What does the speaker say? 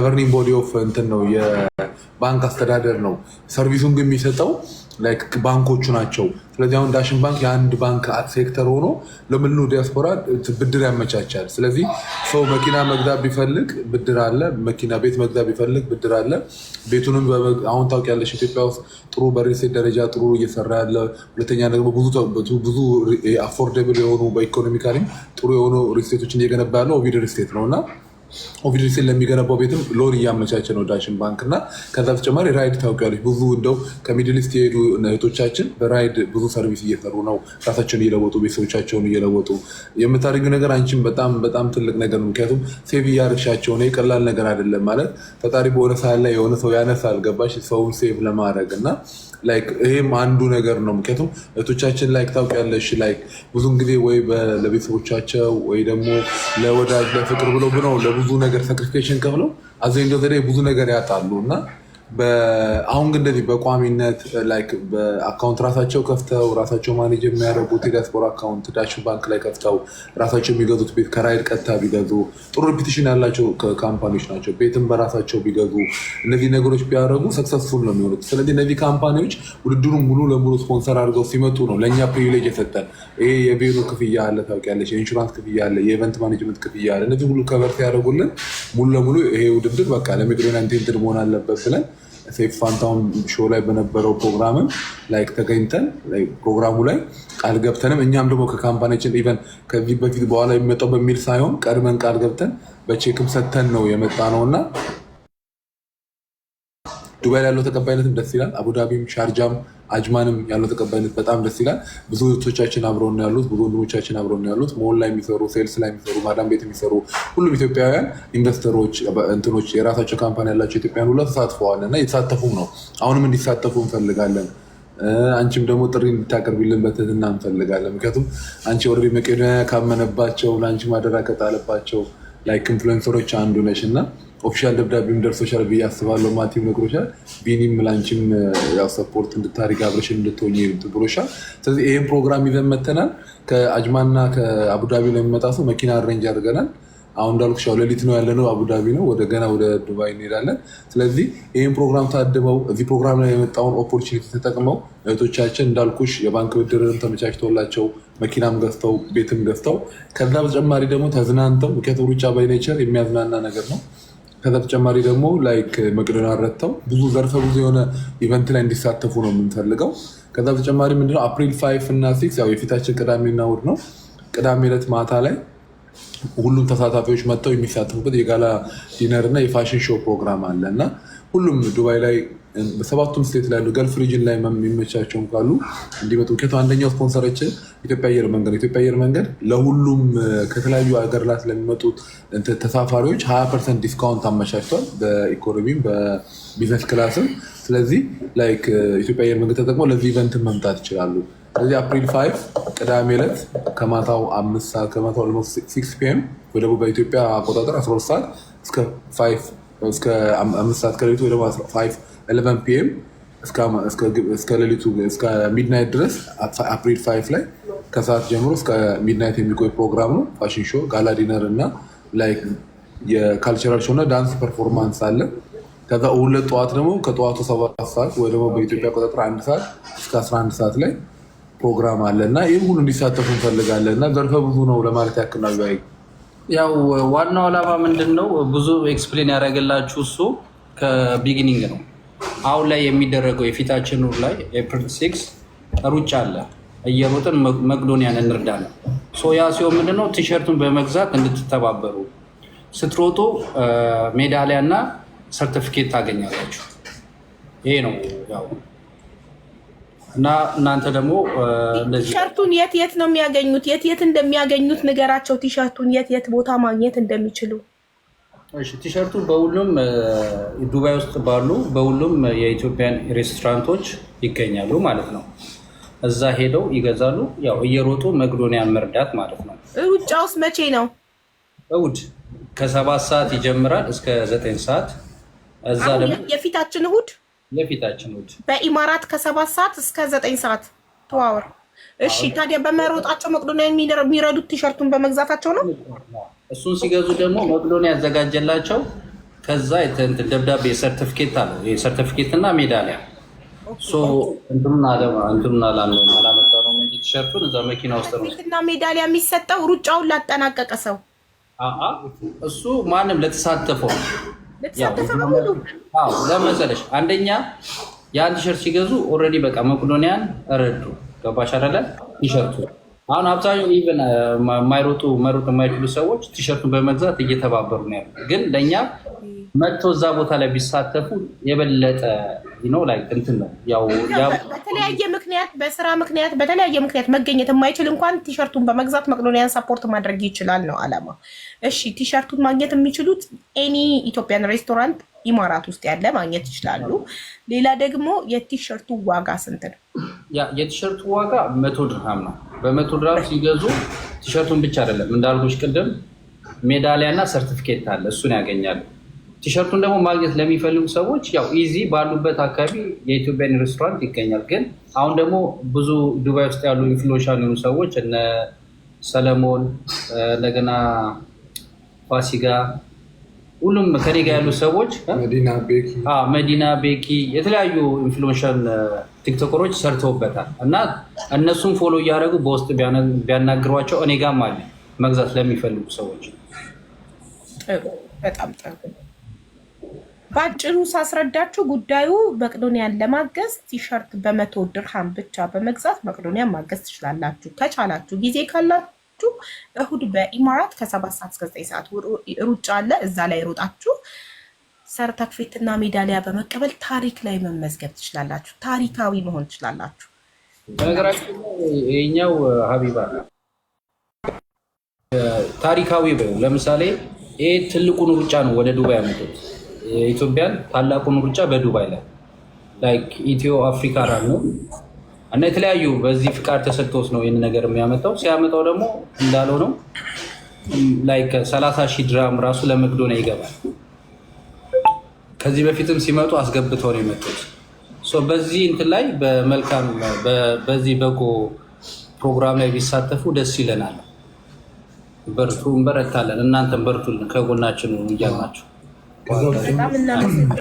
ገቨርኒንግ ቦዲ ኦፍ እንትን ነው የባንክ አስተዳደር ነው። ሰርቪሱን ግን የሚሰጠው ባንኮቹ ናቸው። ስለዚህ አሁን ዳሽን ባንክ የአንድ ባንክ ሴክተር ሆኖ ለምኑ ዲያስፖራ ብድር ያመቻቻል። ስለዚህ ሰው መኪና መግዛት ቢፈልግ ብድር አለ። መኪና ቤት መግዛት ቢፈልግ ብድር አለ። ቤቱንም አሁን ታውቂያለሽ፣ ኢትዮጵያ ውስጥ ጥሩ በሬሴት ደረጃ ጥሩ እየሰራ ያለ ሁለተኛ ደግሞ ብዙ አፎርደብል የሆኑ በኢኮኖሚካሊም ጥሩ የሆኑ ሪስቴቶችን እየገነባ ያለው ኦቪድ ሪስቴት ነው እና ኦቪዲሲ ለሚገነባው ቤትም ሎን እያመቻቸ ነው ዳሽን ባንክ እና ከዛ በተጨማሪ ራይድ ታውቂያለች። ብዙ እንደው ከሚድልስት የሄዱ እህቶቻችን በራይድ ብዙ ሰርቪስ እየሰሩ ነው፣ ራሳቸውን እየለወጡ ቤተሰቦቻቸውን እየለወጡ የምታደርጊው ነገር አንቺም በጣም በጣም ትልቅ ነገር ነው። ምክንያቱም ሴቪ እያደረግሻቸው ነው። የቀላል ነገር አይደለም ማለት ፈጣሪ በሆነ ሰዓት ላይ የሆነ ሰው ያነሳ አልገባሽ ሰውን ሴቭ ለማድረግ እና ላይክ ይሄም አንዱ ነገር ነው። ምክንያቱም እህቶቻችን ላይክ ታውቂያለሽ፣ ላይክ ብዙን ጊዜ ወይ ለቤተሰቦቻቸው ወይ ደግሞ ለወዳጅ ለፍቅር ብለው ብነው ብዙ ነገር ሳክሪፊኬሽን ከፍለው አዘ ብዙ ነገር ያጣሉ እና አሁን ግን እንደዚህ በቋሚነት አካውንት ራሳቸው ከፍተው ራሳቸው ማኔጅ የሚያደርጉት የዲያስፖራ አካውንት ዳሽን ባንክ ላይ ከፍተው ራሳቸው የሚገዙት ቤት ከራይድ ቀጥታ ቢገዙ ጥሩ ሪፒቴሽን ያላቸው ካምፓኒዎች ናቸው። ቤትም በራሳቸው ቢገዙ እነዚህ ነገሮች ቢያደርጉ ሰክሰስፉል ነው የሚሆኑት። ስለዚህ እነዚህ ካምፓኒዎች ውድድሩን ሙሉ ለሙሉ ስፖንሰር አድርገው ሲመጡ ነው ለእኛ ፕሪቪሌጅ የሰጠን። ይሄ የቬኑ ክፍያ አለ ታውቂያለሽ፣ የኢንሹራንስ ክፍያ አለ፣ የኢቨንት ማኔጅመንት ክፍያ አለ። እነዚህ ሁሉ ከበር ሲያደርጉልን ሙሉ ለሙሉ ይሄ ውድድር በቃ ለመቄዶንያ ኢንቴንትድ መሆን አለበት ብለን ፌፍ ፋንታውን ሾው ላይ በነበረው ፕሮግራምም ላይክ ተገኝተን ፕሮግራሙ ላይ ቃል ገብተንም እኛም ደግሞ ከካምፓኒያችን ኢቨን ከዚህ በፊት በኋላ የሚመጣው በሚል ሳይሆን ቀድመን ቃል ገብተን በቼክም ሰተን ነው የመጣ ነው እና ዱባይ ያለው ተቀባይነትም ደስ ይላል። አቡዳቢም፣ ሻርጃም፣ አጅማንም ያለው ተቀባይነት በጣም ደስ ይላል። ብዙ እህቶቻችን አብረው ነው ያሉት፣ ብዙ ወንድሞቻችን አብረው ነው ያሉት። ሞል ላይ የሚሰሩ ሴልስ ላይ የሚሰሩ ማዳም ቤት የሚሰሩ ሁሉም ኢትዮጵያውያን ኢንቨስተሮች፣ እንትኖች የራሳቸው ካምፓኒ ያላቸው ኢትዮጵያውያን ሁላ ተሳትፈዋል እና የተሳተፉም ነው። አሁንም እንዲሳተፉ እንፈልጋለን። አንቺም ደግሞ ጥሪ እንድታቀርቢልን በትህትና እንፈልጋለን። ምክንያቱም አንቺ ኦልሬዲ መቄዶንያ ካመነባቸው ለአንቺ ማደራ ከጣለባቸው ላይክ ኢንፍሉዌንሰሮች አንዱ ነሽ እና ኦፊሻል ደብዳቤም ደርሶሻል ብዬ አስባለሁ። ማቲም ነግሮሻል። ቢኒም ላንቺም ያው ሰፖርት እንድታደርግ አብረሽን እንድትሆኝ ብሎሻል። ስለዚህ ይህን ፕሮግራም ይዘን መተናል። ከአጅማና ከአቡዳቢ ነው የሚመጣ ሰው መኪና አረንጅ አድርገናል። አሁን እንዳልኩሽ ያው ሌሊት ነው ያለነው፣ አቡዳቢ ነው ወደ ገና ወደ ዱባይ እንሄዳለን። ስለዚህ ይህን ፕሮግራም ታድመው እዚህ ፕሮግራም ላይ የመጣውን ኦፖርቹኒቲ ተጠቅመው እህቶቻችን እንዳልኩሽ የባንክ ብድርን ተመቻችቶላቸው መኪናም ገዝተው ቤትም ገዝተው ከዛ በተጨማሪ ደግሞ ተዝናንተው ምክንያቱም ሩጫ ባይኔቸር የሚያዝናና ነገር ነው ከዛ ተጨማሪ ደግሞ ላይክ uh, መቅደላ ረተው ብዙ ዘርፈ ብዙ የሆነ ኢቨንት ላይ እንዲሳተፉ ነው የምንፈልገው። ከዛ በተጨማሪ ምንድነው አፕሪል ፋይቭ እና ሲክስ ያው የፊታችን ቅዳሜና እሑድ ነው። ቅዳሜ ዕለት ማታ ላይ ሁሉም ተሳታፊዎች መጥተው የሚሳተፉበት የጋላ ዲነር እና የፋሽን ሾው ፕሮግራም አለ እና ሁሉም ዱባይ ላይ በሰባቱም ስቴት ላይ ያሉ ገልፍ ሪጅን ላይ የሚመቻቸውም ካሉ እንዲመጡ። ምክንያቱም አንደኛው ስፖንሰሮችን ኢትዮጵያ አየር መንገድ፣ ኢትዮጵያ አየር መንገድ ለሁሉም ከተለያዩ ሀገር ላት ስለሚመጡ ተሳፋሪዎች ሀያ ፐርሰንት ዲስካውንት አመቻችቷል፣ በኢኮኖሚም በቢዝነስ ክላስም። ስለዚህ ላይክ ኢትዮጵያ አየር መንገድ ተጠቅሞ ለዚህ ኢቨንትን መምጣት ይችላሉ። ስለዚህ አፕሪል ፋይቭ ቅዳሜ ዕለት ከማታው አምስት ሰዓት ከማታው ሲክስ ፒኤም ወደ በኢትዮጵያ አቆጣጠር አስራ ሁለት ሰዓት እስከ ፋይቭ እስከ አምስት ሰዓት ከሌሊቱ ወይ ደግሞ ፒኤም እስከ ሌሊቱ እስከ ሚድናይት ድረስ አፕሪል ፋይቭ ላይ ከሰዓት ጀምሮ እስከ ሚድናይት የሚቆይ ፕሮግራም ነው። ፋሽን ሾ፣ ጋላ ዲነር እና ላይክ የካልቸራል ሾው እና ዳንስ ፐርፎርማንስ አለ። ከዛ ሁለት ጠዋት ደግሞ ከጠዋቱ ሰባት ሰዓት ወይ ደግሞ በኢትዮጵያ ቁጥጥር አንድ ሰዓት እስከ 11 ሰዓት ላይ ፕሮግራም አለ እና ይህ ሁሉ እንዲሳተፉ እንፈልጋለን እና ዘርፈ ብዙ ነው ለማለት ያክል ነው። ያው ዋናው አላማ ምንድን ነው? ብዙ ኤክስፕሌን ያደረገላችሁ እሱ ከቢግኒንግ ነው። አሁን ላይ የሚደረገው የፊታችን ኑር ላይ ኤፕሪል ሲክስ ሩጫ አለ። እየሮጥን መቅዶኒያን እንርዳ ነው። ያ ሲሆን ምንድነው ቲሸርቱን በመግዛት እንድትተባበሩ ስትሮጡ ሜዳሊያ እና ሰርቲፊኬት ታገኛላችሁ። ይሄ ነው ያው እና እናንተ ደግሞ ቲሸርቱን የት የት ነው የሚያገኙት? የት የት እንደሚያገኙት ንገራቸው። ቲሸርቱን የት የት ቦታ ማግኘት እንደሚችሉ። ቲሸርቱን በሁሉም ዱባይ ውስጥ ባሉ በሁሉም የኢትዮጵያን ሬስቶራንቶች ይገኛሉ ማለት ነው። እዛ ሄደው ይገዛሉ። ያው እየሮጡ መግዶኒያን መርዳት ማለት ነው። ውስጥ መቼ ነው? እሑድ ከሰባት ሰዓት ይጀምራል እስከ ዘጠኝ ሰዓት። እዛ ደግሞ የፊታችን እሑድ ለፊታችን ውድ በኢማራት ከሰባት ሰዓት እስከ ዘጠኝ ሰዓት ተዋወር። እሺ ታዲያ በመሮጣቸው መቅዶኒያ የሚረዱት ቲሸርቱን በመግዛታቸው ነው። እሱን ሲገዙ ደግሞ መቅዶኒያ ያዘጋጀላቸው ከዛ ደብዳቤ ሰርቲፊኬት አለ። የሰርቲፊኬት እና ሜዳሊያ ቲሸርቱን እዛ መኪና ውስጥ ነው እና ሜዳሊያ የሚሰጠው ሩጫውን ላጠናቀቀ ሰው እሱ ማንም ለተሳተፈው ለመሰለሽ አንደኛ ያን ቲሸርት ሲገዙ ኦልሬዲ በቃ መቄዶንያን ረዱ። ገባሽ አይደለ? ቲሸርቱ አሁን አብዛኛው ኢቨን ማይሮጡ መሮጥ የማይችሉ ሰዎች ቲሸርቱን በመግዛት እየተባበሩ ነው ያሉ ግን ለእኛ መጥቶ እዛ ቦታ ላይ ቢሳተፉ የበለጠ ነው ላይ እንትን ነው ያው በተለያየ ምክንያት በስራ ምክንያት በተለያየ ምክንያት መገኘት የማይችል እንኳን ቲሸርቱን በመግዛት መቅዶኒያን ሰፖርት ማድረግ ይችላል ነው አላማ። እሺ ቲሸርቱን ማግኘት የሚችሉት ኤኒ ኢትዮጵያን ሬስቶራንት ኢማራት ውስጥ ያለ ማግኘት ይችላሉ። ሌላ ደግሞ የቲሸርቱ ዋጋ ስንት ነው? የቲሸርቱ ዋጋ መቶ ድርሃም ነው። በመቶ ድርሃም ሲገዙ ቲሸርቱን ብቻ አይደለም እንዳልኩሽ ቅድም ሜዳሊያ እና ሰርቲፊኬት አለ እሱን ያገኛሉ። ቲሸርቱን ደግሞ ማግኘት ለሚፈልጉ ሰዎች ያው ኢዚ ባሉበት አካባቢ የኢትዮጵያን ሬስቶራንት ይገኛል። ግን አሁን ደግሞ ብዙ ዱባይ ውስጥ ያሉ ኢንፍሉዌንሻል የሆኑ ሰዎች እነ ሰለሞን እንደገና ፋሲጋ ሁሉም ከኔ ጋ ያሉ ሰዎች መዲና ቤኪ የተለያዩ ኢንፍሉዌንሻል ቲክቶከሮች ሰርተውበታል እና እነሱም ፎሎ እያደረጉ በውስጥ ቢያናግሯቸው እኔ ጋም አለ መግዛት ለሚፈልጉ ሰዎች በጣም ጥሩ በአጭሩ ሳስረዳችሁ ጉዳዩ መቅዶኒያን ለማገዝ ቲሸርት በመቶ ድርሃም ብቻ በመግዛት መቅዶኒያን ማገዝ ትችላላችሁ። ከቻላችሁ ጊዜ ካላችሁ እሁድ በኢማራት ከሰባት ሰዓት እስከ ዘጠኝ ሰዓት ሩጫ አለ። እዛ ላይ ሮጣችሁ እና ሜዳሊያ በመቀበል ታሪክ ላይ መመዝገብ ትችላላችሁ። ታሪካዊ መሆን ትችላላችሁ። በነገራችን ሀቢባ ታሪካዊ ለምሳሌ ይህ ትልቁን ሩጫ ነው ወደ ዱባይ ያመጡት የኢትዮጵያን ታላቁን ሩጫ በዱባይ ላይ ላይክ ኢትዮ አፍሪካ ራ ነው እና የተለያዩ በዚህ ፍቃድ ተሰጥቶት ነው ይህን ነገር የሚያመጣው። ሲያመጣው ደግሞ እንዳለው ነው ላይክ ሰላሳ ሺህ ድራም ራሱ ነው ይገባል። ከዚህ በፊትም ሲመጡ አስገብተው ነው የመጡት። በዚህ እንትን ላይ በመልካም በዚህ በጎ ፕሮግራም ላይ ቢሳተፉ ደስ ይለናል። በርቱ፣ እንበረታለን። እናንተም በርቱልን፣ ከጎናችን እያልናቸው በጣም